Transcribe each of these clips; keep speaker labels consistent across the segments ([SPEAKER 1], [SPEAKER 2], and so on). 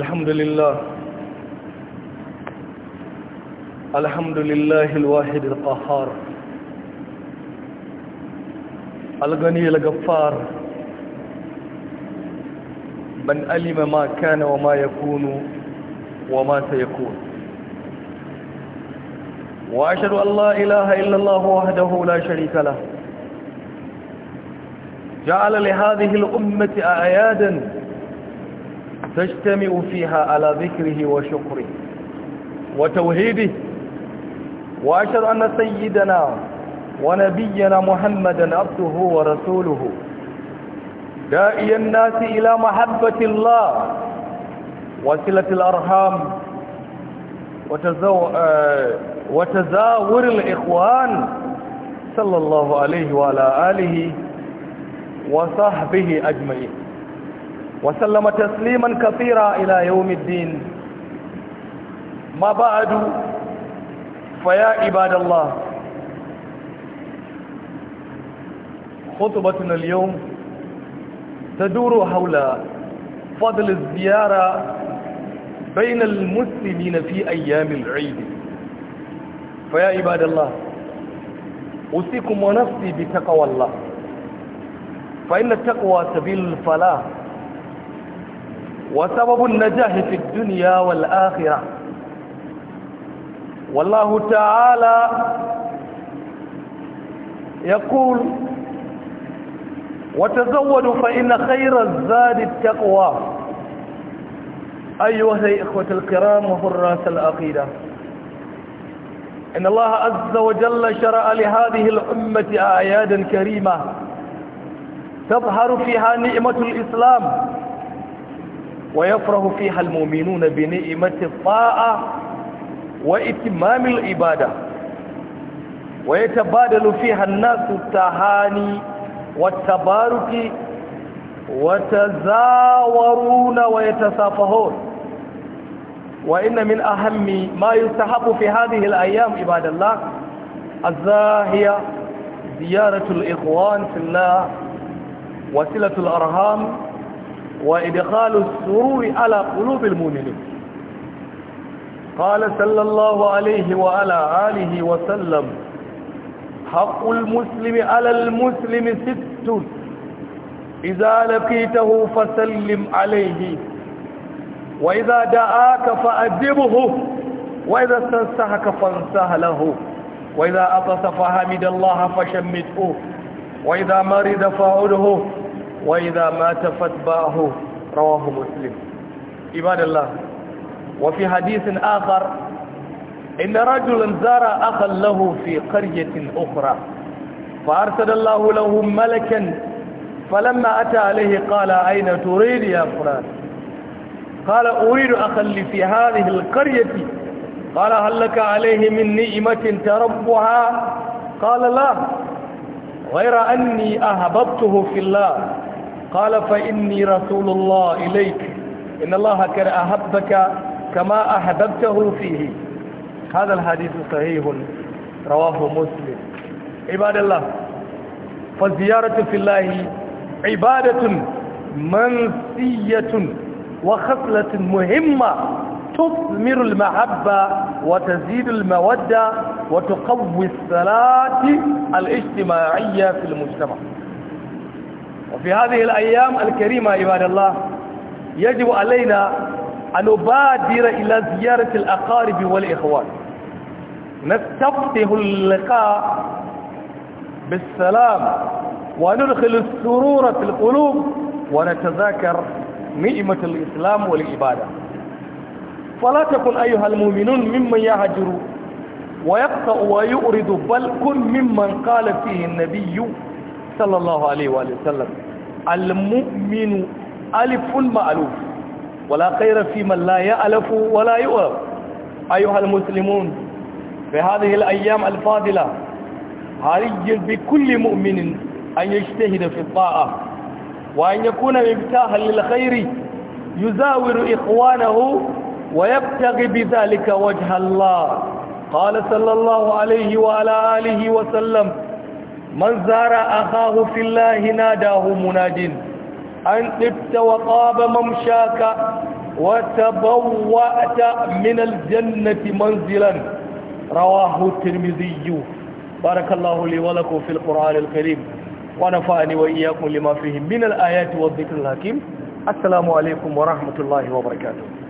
[SPEAKER 1] الحمد لله الحمد لله الواحد القهار الغني الغفار من علم ما كان وما يكون وما سيكون وأشهد أن لا إله إلا الله وحده لا شريك له جعل لهذه الأمة أعياداً تجتمع فيها على ذكره وشكره وتوحيده وأشهد أن سيدنا ونبينا محمدا عبده ورسوله داعي الناس إلى محبة الله وصلة الأرحام آه، وتزاور الإخوان صلى الله عليه وعلى آله وصحبه أجمعين وسلم تسليما كثيرا إلى يوم الدين ما بعد فيا عباد الله خطبتنا اليوم تدور حول فضل الزيارة بين المسلمين في أيام العيد فيا عباد الله أوصيكم ونفسي بتقوى الله فإن التقوى سبيل الفلاح وسبب النجاح في الدنيا والآخرة والله تعالى يقول وتزودوا فإن خير الزاد التقوى أيها الإخوة الكرام وحراس العقيدة إن الله عز وجل شرع لهذه الأمة أعيادا كريمة تظهر فيها نعمة الإسلام ويفرح فيها المؤمنون بنعمة الطاعة وإتمام العبادة ويتبادل فيها الناس التهاني والتبارك وتزاورون ويتسافهون وإن من أهم ما يستحب في هذه الأيام عباد الله الزاهية زيارة الإخوان في الله وصلة الأرهام وإدخال السرور على قلوب المؤمنين قال صلى الله عليه وعلى آله وسلم حق المسلم على المسلم ست إذا لقيته فسلم عليه وإذا دعاك فأجبه وإذا استنسحك فانصح له وإذا أطس فحمد الله فشمته وإذا مرض فعده وإذا مات فاتبعه رواه مسلم عباد الله وفي حديث آخر إن رجلا زار أخا له في قرية أخرى فأرسل الله له ملكا فلما أتى عليه قال أين تريد يا فلان قال أريد أخا لي في هذه القرية قال هل لك عليه من نعمة تربها قال لا غير أني أهببته في الله قال فإني رسول الله إليك إن الله كان أحبك كما أحببته فيه هذا الحديث صحيح رواه مسلم عباد الله فالزيارة في الله عبادة منسية وخصلة مهمة تثمر المحبة وتزيد المودة وتقوي الصلاة الاجتماعية في المجتمع وفي هذه الأيام الكريمة عباد الله يجب علينا أن نبادر إلى زيارة الأقارب والإخوان نستفتح اللقاء بالسلام وندخل السرور في القلوب ونتذاكر نعمة الإسلام والعبادة فلا تكن أيها المؤمنون ممن يهجر ويقطع ويؤرد بل كن ممن قال فيه النبي صلى الله عليه واله وسلم المؤمن الف مألوف ولا خير في من لا يالف ولا يؤلف ايها المسلمون في هذه الايام الفاضله هاري بكل مؤمن ان يجتهد في الطاعه وان يكون مفتاحا للخير يزاور اخوانه ويبتغي بذلك وجه الله قال صلى الله عليه وعلى اله وسلم من زار أخاه في الله ناداه مناد أن ابت وطاب ممشاك وتبوأت من الجنة منزلا رواه الترمذي بارك الله لي ولكم في القرآن الكريم ونفعني وإياكم لما فيه من الآيات والذكر الحكيم السلام عليكم ورحمة الله وبركاته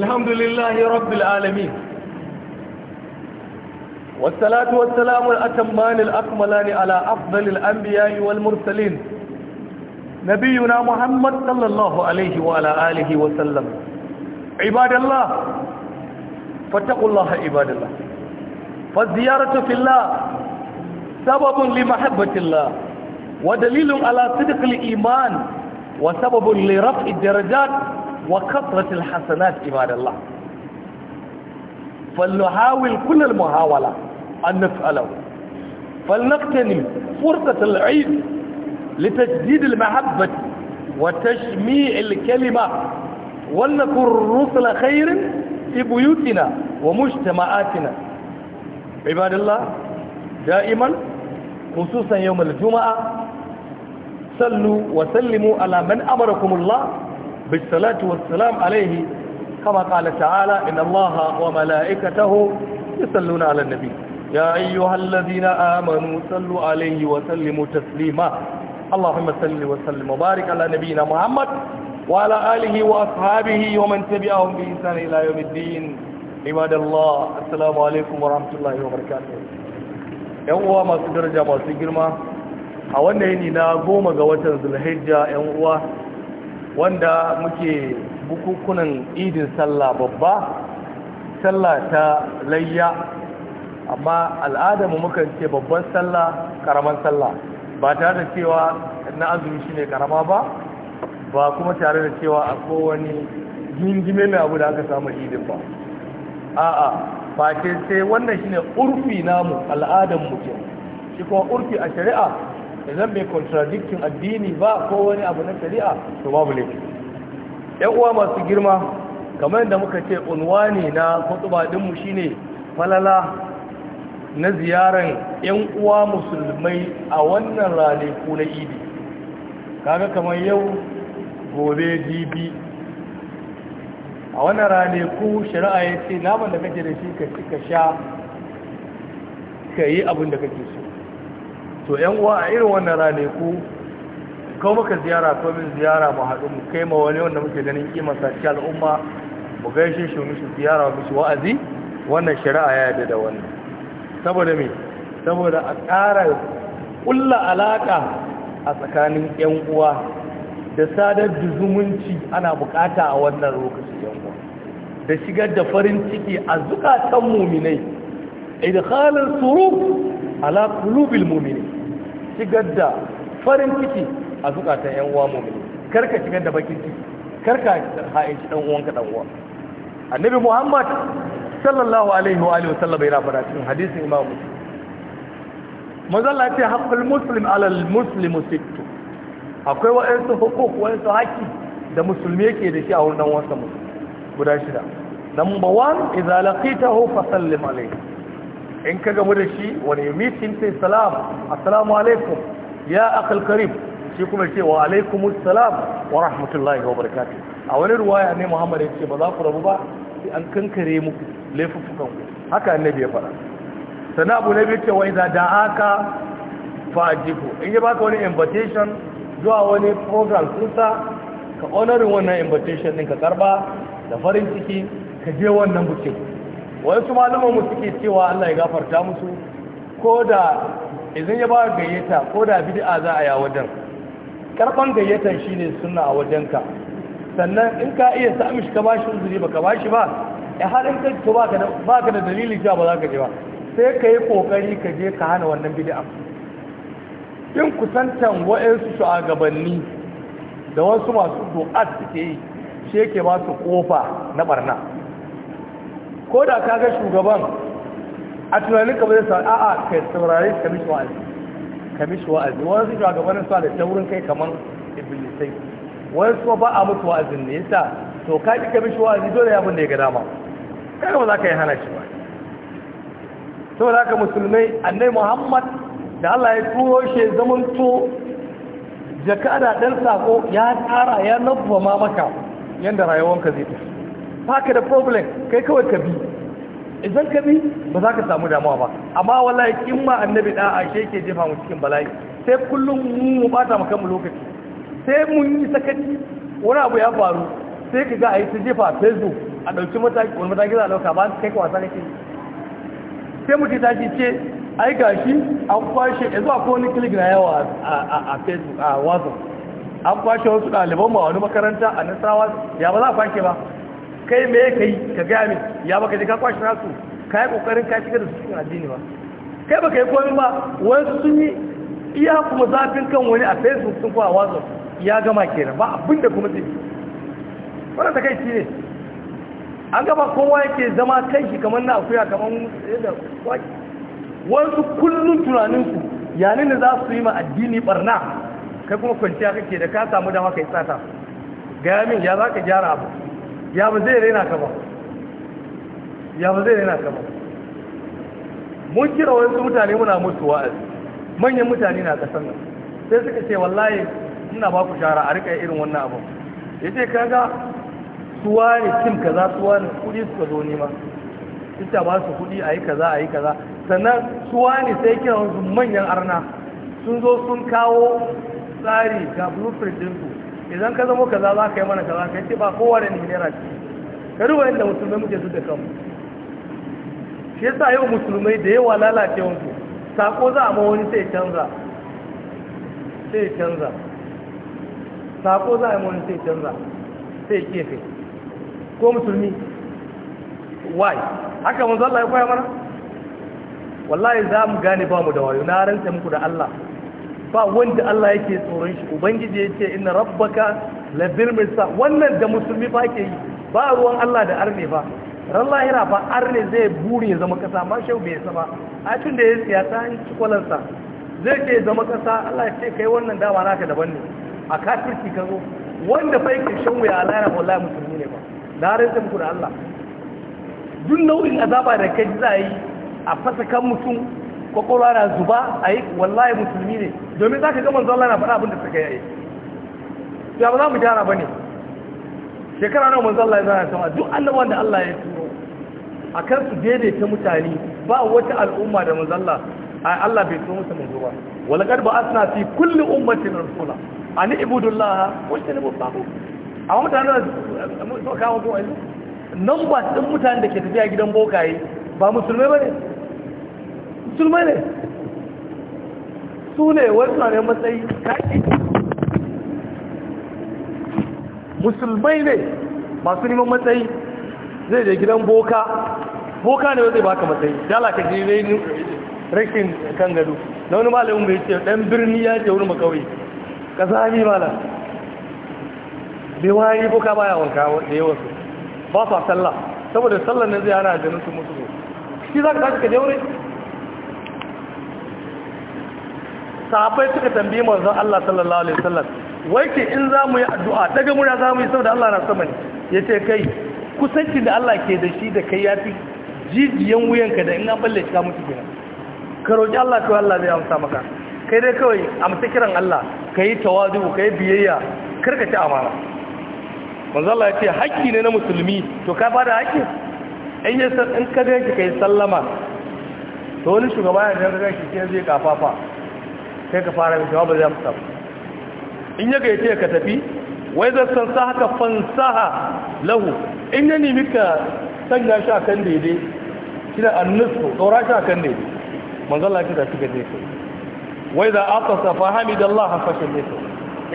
[SPEAKER 1] الحمد لله رب العالمين والصلاة والسلام الأتمان الأكملان على أفضل الأنبياء والمرسلين نبينا محمد صلى الله عليه وعلى آله وسلم عباد الله فاتقوا الله عباد الله فالزيارة في الله سبب لمحبة الله ودليل على صدق الإيمان وسبب لرفع الدرجات وكثرة الحسنات عباد الله فلنحاول كل المحاولة أن نفعله فلنقتني فرصة العيد لتجديد المحبة وتشميع الكلمة ولنكن رسل خير في بيوتنا ومجتمعاتنا عباد الله دائما خصوصا يوم الجمعة صلوا وسلموا على من أمركم الله بالصلاة والسلام عليه كما قال تعالى إن الله وملائكته يصلون على النبي يا أيها الذين آمنوا صلوا عليه وسلموا تسليما اللهم صل وسلم وبارك على نبينا محمد وعلى آله وأصحابه ومن تبعهم بإنسان إلى يوم الدين عباد الله السلام عليكم ورحمة الله وبركاته يوم ما سجر جمع سجر ما أولا هنا قوم قوة ذو الهجة يوم wanda muke bukukunan idin sallah babba sallah ta layya amma mu mukan ce babban sallah karaman sallah ba tare da cewa na azumi shine karama ba ba kuma tare da cewa a kowane gingime mai abu da aka samu idin ba a'a ba ce sai wannan shine urfi namu mu ke shi kuma urfi a shari'a idan bai contradicting addini ba ko wani abu na shari'a to babu ne. yan uwa masu girma kamar yadda muka ce unwani na kutuba dinmu shine falala na ziyaran yan uwa musulmai a wannan ko na idi kaga kamar yau gobe jibi a wannan ko shari'a ya ce naman da kake da shi ka ka sha ka yi abin da kake so to yan uwa a irin wannan rane ku ko muka ziyara ko min ziyara mu haɗu mu kai ma wani wanda muke ganin kima sa cikin al'umma mu gaishe shi shi ziyara mishi wa'azi wannan shari'a ya yarda da wannan saboda me saboda a ƙara ƙulla alaƙa a tsakanin yan uwa da sadar da zumunci ana bukata a wannan lokacin yan uwa da shigar da farin ciki a zukatan muminai idkhalar surur ala qulubil mu'minin shigar da farin ciki a zukatan yan uwa mu'mini kar ka shigar da bakin ciki kar ka ha'inci dan ka dan uwa annabi muhammad sallallahu alaihi wa alihi sallam yana fara cikin hadisin imam muslim manzo Allah ya ce haqqul muslim ala al muslimu sittu akwai wa'ansu hukuk wa'ansu haƙƙi da musulmi yake da shi a wurin dan uwansa mu guda shida number 1 idza laqitahu fa sallim alaihi in ka gamu da shi wani mitin sai salam assalamu alaikum ya akal karim shi kuma ce wa alaikum salam wa rahmatullahi wa barakatuh a wani ruwaya ne Muhammad ya ce ba za ku rabu ba sai an kankare mu laifukan ku haka annabi ya fara sana abu nabi ce wa idza da'aka fajibu in ya baka wani invitation zuwa wani program kusa ka honorin wannan invitation din ka karba da farin ciki ka je wannan bukin wasu malaman mu suke cewa Allah ya gafarta musu ko da idan ya ba gayyata ko da bid'a za a yi a wajen karban gayyatan shine sunna a wajenka sannan in ka iya sa mishi ka bashi uzuri baka bashi ba eh har in kai baka da baka da dalili cewa ba za ka je ba sai ka yi kokari ka je ka hana wannan bid'a in kusantan wa'ansu shugabanni da wasu masu du'at suke yi shi yake ba su kofa na barna ko da ka ga shugaban a tunanin ka yasa a sa'a a kai saurari ka wa'azi ka wa'azi wani su shugabannin su da taurin kai kamar iblisai wani su ba a mutu wa'azin ne yasa to ka ki ka wa'azi dole ya bin da ya ga dama kai ba za ka yi hana shi ba da haka musulmai annai muhammad da Allah ya turo shi to jaka da ɗan sako ya tsara ya ma maka yadda rayuwanka zai tafi baka ka da problem kai kawai ka bi idan ka bi ba za ka samu damuwa ba amma wallahi in ma annabi da a ke jefa mu cikin bala'i sai kullum mu mu bata mu kammu lokaci sai mun yi sakaci wani abu ya faru sai ka ga a yi ta jefa facebook a ɗauki mataki wani mataki za a dauka ba kai ka wasa kake sai mutum ta ce ai gashi an kwashe yanzu a kowane kilik na yawa a facebook a whatsapp an kwashe wasu ɗaliban ma wani makaranta a nasarawa ya ba za a kwashe ba kai me ka yi ka gaya min ya baka ji ka kwashi nasu ka yi kokarin ka shiga da su cikin addini ba kai baka yi komi ba wasu sun yi iya kuma zafin kan wani a facebook sun kuwa wazo ya gama kenan ba abin da kuma zai wani ta kai ne an gaba kowa yake zama kai shi kamar na akuya kamar yadda wasu kullum tunaninsu yanin da za su yi ma addini barna kai kuma kwanciya kake da ka samu dama kai tsata gaya min ya za ka gyara abu ya ba zai raina ka ba ya ba zai raina ka ba mun kira wani mutane muna mutu wa'azi manyan mutane na kasan nan sai suka ce wallahi ina ba ku shara a rika irin wannan abu ya ce kaga suwa ne kim kaza suwa ne kudi suka zo nema ita ba su kudi a yi kaza a yi kaza sannan suwa ne sai kira wasu manyan arna sun zo sun kawo tsari ga blueprint ɗinsu idan ka zama kaza za ka yi mana kaza ka ce ba kowa da nihilera ce ka ruwa yadda musulmai muke su da kanmu shi yasa yau musulmai da yawa lalace wanku sako za a ma wani sai canza sai canza sako za a ma wani sai canza sai kefe ko musulmi why haka manzo Allah ya koya mana wallahi za mu gane ba mu da wayo na rantsa muku da Allah ba wanda Allah yake tsoron shi ubangiji ya ce inna rabbaka la birmisa wannan da musulmi ba ke yi ba ruwan Allah da arne ba ran lahira ba arne zai buri ya zama kasa ma shau bai saba a tun da ya tsaya ta ci kwalansa zai ce zama kasa Allah ya ce kai wannan dama naka daban ne a kafirci ka zo wanda fa yake shan wuya a lahira wallahi musulmi ne ba na sai muku da Allah duk nau'in azaba da kai za yi a fasa mutum kwakwalwa na zuba a yi wallahi musulmi ne domin za ka ga manzo Allah na faɗa abin da suka yi ya ba za mu gyara ba ne shekara nawa manzo Allah ya zana sama duk annabawan da Allah ya turo a kan su daidaita mutane ba wata al'umma da manzo Allah Allah bai turo musu manzo ba walaqad ba'athna fi kulli ummatin rasula an Laha wa tanabu babu a mutane da su kawo ko ai Numbers din mutane da ke tafiya gidan bokaye ba musulmai ne? sulma ne su ne wasu ne matsayi kaki musulmai ne masu neman matsayi zai je gidan boka boka ne zai baka matsayi dala ji ne rikin kan gado na wani malamin bai ce ɗan birni ya ce wani makawai ka sami malam bai yi boka baya wanka da yawan su ba su sallah saboda sallah ne zai hana da su musu shi za ka tashi ka je sahabbai suka tambayi manzon Allah sallallahu alaihi wasallam wai ke in za mu yi addu'a daga muna za mu yi saboda Allah na sama ne yace kai kusanci da Allah ke da shi da kai yafi jijiyan wuyan ka da in an balle ka mutu kenan ka roki Allah to Allah zai amsa maka kai dai kawai amsa kiran Allah kai tawadu kai biyayya karka ci amana manzo Allah yace haƙƙi ne na musulmi to ka bada haƙƙi in ya san in ka ga kai sallama to wani shugaba ya ga shi sai zai kafafa sai ka fara mai shawaba zai musamman in ya gaice ka tafi wai zai san sa haka fansaha lahu in ya nemi ka sanya shi kan daidai shi da nufu tsora shi kan daidai manzala shi da shi gaje wai za a tsasa fahimi da Allah hafashin ne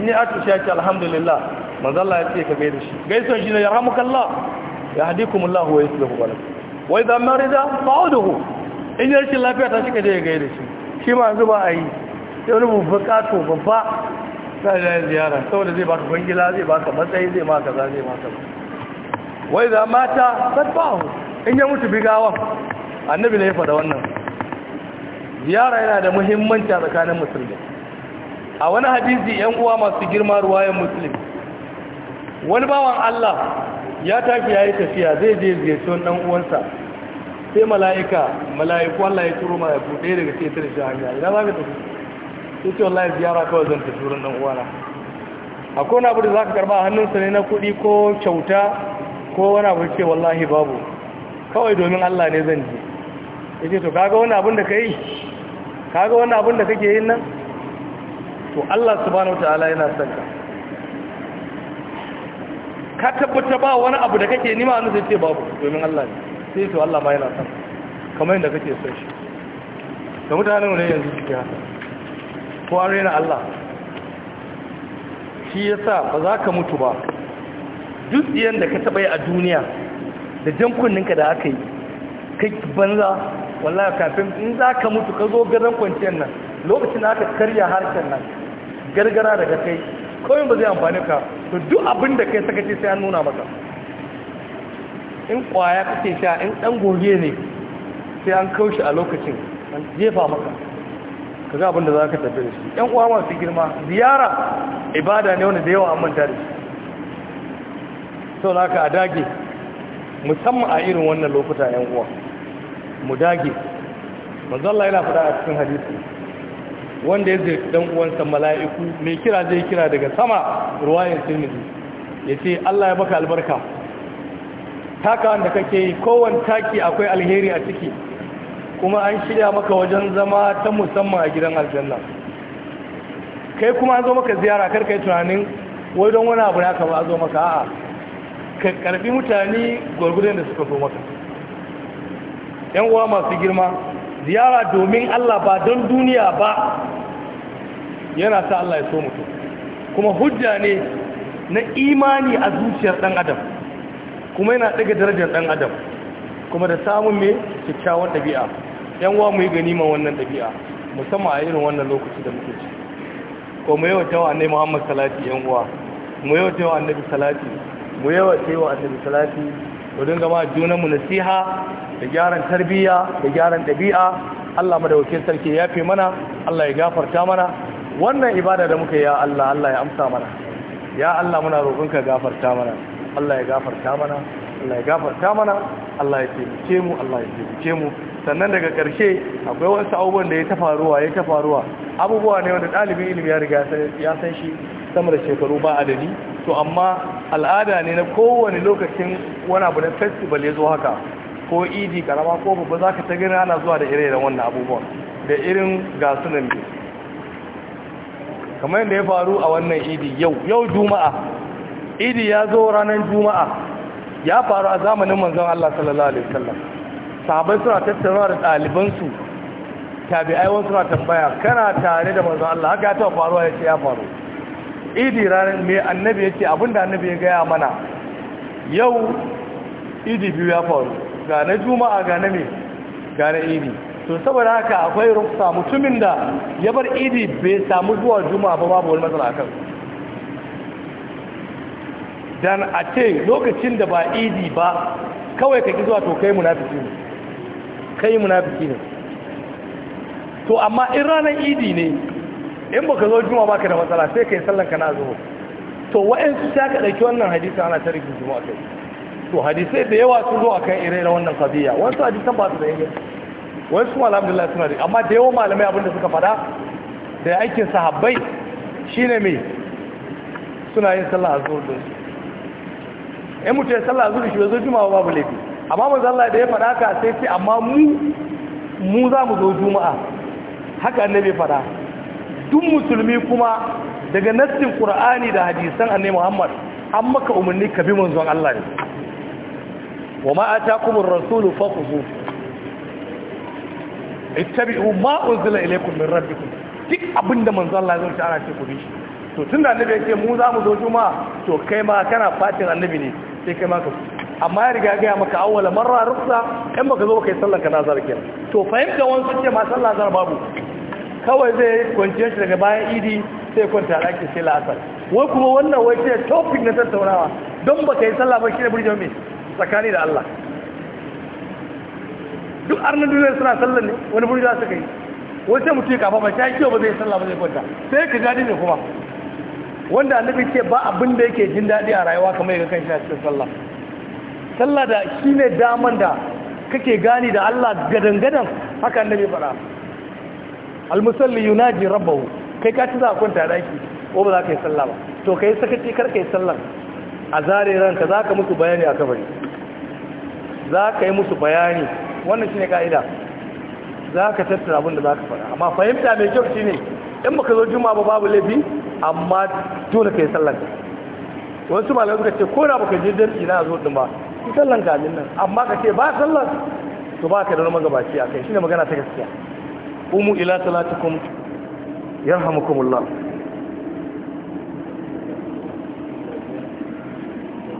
[SPEAKER 1] in ya aka shi ake alhamdulillah manzala ya ce ka gaida shi gaisan shi ne ya ramukallah ya hadikumullahu wa yuslihu balakum wai da marida fa'uduhu in yi shi lafiya ta ka je ya gaida shi shi ma zuba a yi sai wani babba to babba sai da ziyara saboda zai baka bangila zai baka matsayi zai maka za zai maka wai za mata sabbahu in ya mutu bigawan annabi ne ya fada wannan ziyara yana da muhimmanci a tsakanin musulmi a wani hadisi yan uwa masu girma ruwayan musulmi wani bawan Allah ya tafi yayi tafiya zai je ziyarci ɗan uwansa sai mala'ika mala'iku Allah ya turo mala'iku ɗaya daga sai ta hanya idan za ka tafi yake wallahi ziyara kawai zan tafi wurin dan uwana akwai wani abu da ka karba hannunsa ne na kuɗi ko kyauta ko wani abu ce wallahi babu kawai domin Allah ne zan je Ya ce to kaga wani abin da ka yi? kaga wani abin da kake yin nan to Allah subhanahu wataala yana son ka ka tabbata ba wani abu da kake nima wani zai ce babu domin Allah ne sai to Allah ma yana son kamar yadda kake son shi da mutanen ne yanzu suke haka ko na Allah shi ya sa ba za ka mutu ba duk iyan da ka taɓa yi a duniya da jan kunninka da aka yi kai banza wallahi kafin in za ka mutu ka zo gadon kwanciyar nan lokacin da aka karya harshen nan gargara daga kai kawai ba zai amfani ka to duk abin da kai sakaci ce sai an nuna maka in kwaya kake sha in ɗan goge ne sai an kaushe a lokacin an jefa maka ka ga abinda za ka tafi da shi ‘yan uwa masu girma ziyara ibada ne wanda da yawa an manta da shi sau ka a dage musamman a irin wannan lokuta ‘yan uwa mu dage mazalla yana fada a cikin hadisi wanda ya zai dan uwansa mala'iku mai kira zai kira daga sama ruwayin tirmidhi ya ce allah ya baka albarka taka wanda kake yi kowane taki akwai alheri a ciki kuma an shirya maka wajen zama ta musamman a gidan aljanna kai kuma an zo maka ziyara karka yi tunanin wai don wani abu naka ba a zo maka a'a ka karbi mutane gwargudun da suka zo maka yan uwa masu girma ziyara domin Allah ba don duniya ba yana sa Allah ya so mutum kuma hujja ne na imani a zuciyar dan adam kuma yana daga darajar dan adam kuma da samun mai kyakkyawan ɗabi'a yan uwa mu yi ma wannan ɗabi'a musamman a irin wannan lokaci da muke ci ko mu yawa tawa annabi Muhammad salati yan uwa mu yawa tawa annabi salati mu yawa tawa annabi salati mu dinga ma junan mu nasiha da gyaran tarbiyya da gyaran ɗabi'a Allah wakil sarki ya fi mana Allah ya gafarta mana wannan ibada da muka ya Allah Allah ya amsa mana ya Allah muna roƙonka gafarta mana Allah ya gafarta mana Allah ya gafarta mana Allah ya taimake mu Allah ya taimake mu sannan daga ƙarshe akwai wasu abubuwan da ya ta faruwa ya ta faruwa abubuwa ne wanda ɗalibin ilimi ya riga ya san shi sama da shekaru ba adadi to amma al'ada ne na kowane lokacin wani abu na festival ya zo haka ko idi karama ko babba za ka ta gani ana zuwa da ire wannan abubuwan da irin gasunan ne kamar yadda ya faru a wannan idi yau yau juma'a idi ya zo ranar juma'a ya faru a zamanin manzon Allah sallallahu alaihi wasallam sahabbai suna tattaunawa da ɗalibansu tabi'ai wasu suna tambaya kana tare da manzon Allah haka ya taɓa faruwa ya ce ya faru idi ranar me annabi ya ce abinda annabi ya gaya mana yau idi biyu ya faru ga na juma'a ga na me ga na idi to saboda haka akwai rufsa mutumin da ya bar idi bai samu zuwa juma'a ba babu wani matsala kan dan a ce lokacin da ba idi ba kawai ka ki zuwa to kai munafiki ne kai munafiki ne to amma in ranar idi ne in ba ka zo juma ba ka da matsala sai kai sallan ka na zo to wa'ansu ta ka dauki wannan hadisi ana ta rikin juma'a kai to hadisai da yawa sun zo akan na wannan qadiya wasu hadisan ba su da yawa wasu alhamdulillah suna da amma da yawan malamai abinda suka fada da aikin sahabbai shine me suna yin sallah da su. in mutum ya sallah zuwa shi zo juma'a babu laifi amma manzo Allah da ya fada ka sai ce amma mu mu za mu zo juma'a haka annabi fada duk musulmi kuma daga nassin qur'ani da hadisan annabi Muhammad an maka umarni ka bi manzon Allah ne wa ma atakumur rasul faqhu ittabi'u ma unzila ilaykum min rabbikum duk abinda manzon Allah zai tsara ce ku bi shi to tunda annabi yake mu za mu zo juma'a to kai ma kana fatin annabi ne sai kai ma ka amma ya riga gaya maka awwala marra rufsa in baka zo kai sallar ka nazar kenan to fahimta wani suke ma sallar zar babu kawai zai kwanciyar shi daga bayan idi sai kwanta ɗaki sai la'asar wai kuma wannan wai ce topic na tattaunawa don baka yi sallah ba shi ne burjan mai tsakani da Allah duk arnan duniyar suna sallar ne wani burjan suka yi wai sai mutum ya kafa ba shi yi kyau ba zai sallah ba zai kwanta sai ka jadi ne kuma wanda annabi ce ba abin da yake jin daɗi a rayuwa kamar yaga kan shi a cikin sallah sallah da shi ne daman da kake gani da Allah gadangadan haka annabi faɗa almusalli yunaji rabbahu kai ka ci za a kwanta daki ko ba za ka yi sallah ba to kai sakaci kar ka yi sallah a zare ranka za ka musu bayani a kabari za ka yi musu bayani wannan shine ka'ida za ka tattara abin da za ka faɗa amma fahimta mai kyau shine in baka zo juma'a ba babu laifi amma dole ka yi sallan wasu malamai suka ce ko na baka je ina a zo din ba ki sallan kamin nan amma ka ce ba sallan to ba ka da wani magabaci a kai shine magana ta gaskiya umu ila salatikum yarhamukumullah